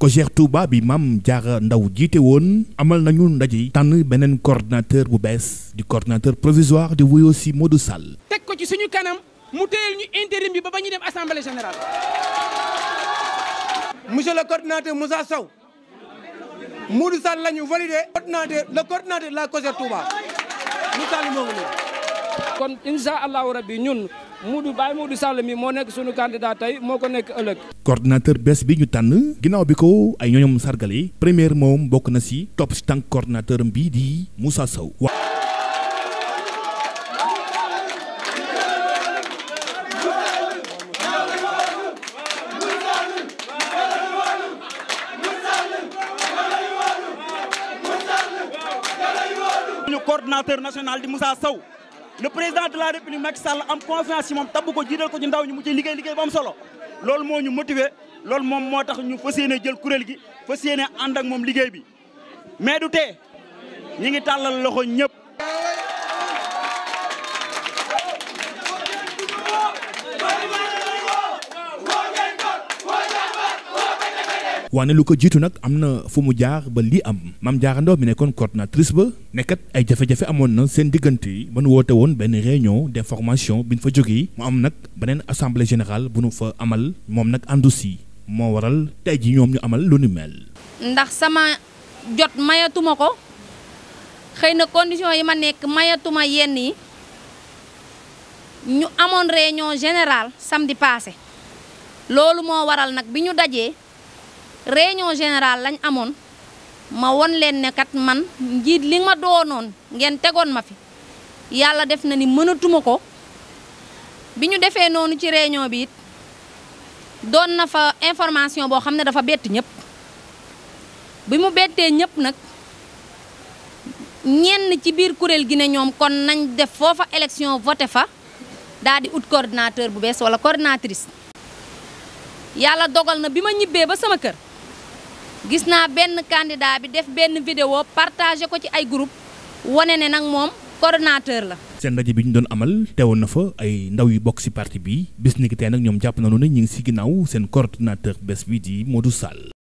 COJER Touba bi Mame Diarra ndaw jiite woon amal nañu ndaje tànn beneen coordinateur bu bees di coordinateur provisoire di wuyoo si Modou Sall. teg ko ci suñu kanam mu téyel ñu intérim bi ba ba dem assemblée générale. monsieur coordinateur Moussa Sow. Modou Sall la ñu validé coordinateur le coordinateur de la COJER Touba ñu Sall moo ngi nii kon incha allahu rabbi ñun Modou Baye Modou Sall mi moo nekk sunu candidat tey moo ko nekk ëllëg. coordinateur bees bi ñu tànn ginnaaw bi ko ay ñoñom sargale première moom bokk na ci topp si tànk coordinateur bii di Moussa Sow. coordinateur national di Moussa Sow le président de la république Macky Sall am confiance ci moom tabb ko jiital ko ci ndaw ñi mu ci liggéey liggéey bu solo loolu moo ñu motiver loolu moom moo tax ñu fas yéene jël kuréel gi fas yéene ànd ak moom liggéey bi mais du te ñi ngi tàllal loxo ñëpp waane lu ko jiitu nag am na fu mu jaar ba lii am Mame Diarra bi nekkoon coordinatrice ba nekkat ay jafe-jafe amoon na seen diggante yi ba nu woote woon benn réunion d'information bi ñu fa jógee mu am nag beneen assemblée générale bu nu fa amal moom nag àndu moo waral tey ji ñoom ñu amal lu ni mel. ndax sama jot mayatuma ko xëy na condition yi ma nekk mayatuma yenn yi ñu amoon réunion générale samedi passé loolu moo waral nag bi ñu dajee. réunion générale lañ amoon ma won leen ne kat man njiit li ma doonoon ngeen tegoon ma fi yàlla def na ni mënatuma ko bi ñu defee noonu ci réunion bi it doon na fa information boo xam ne dafa bett ñëpp bi mu bettee ñëpp nag ñenn ci biir kuréel gi ne ñoom kon nañ def foofa élection voté fa daal di ut coordinateur bu bees wala coordinatrice yàlla dogal na bi ma ñibbee ba sama kër gis naa benn candidat bi def benn vidéo partagé ko ci ay groupe wane ne nag moom coordonnateur la. seen ndaje bi ñu doon amal te woon na fa ay ndaw yu bokk ci parti bi bis ni nag ñoom jàpp nañu ne ñu ngi ci ginnaaw seen coordonnateur bés bi di Modou Sall.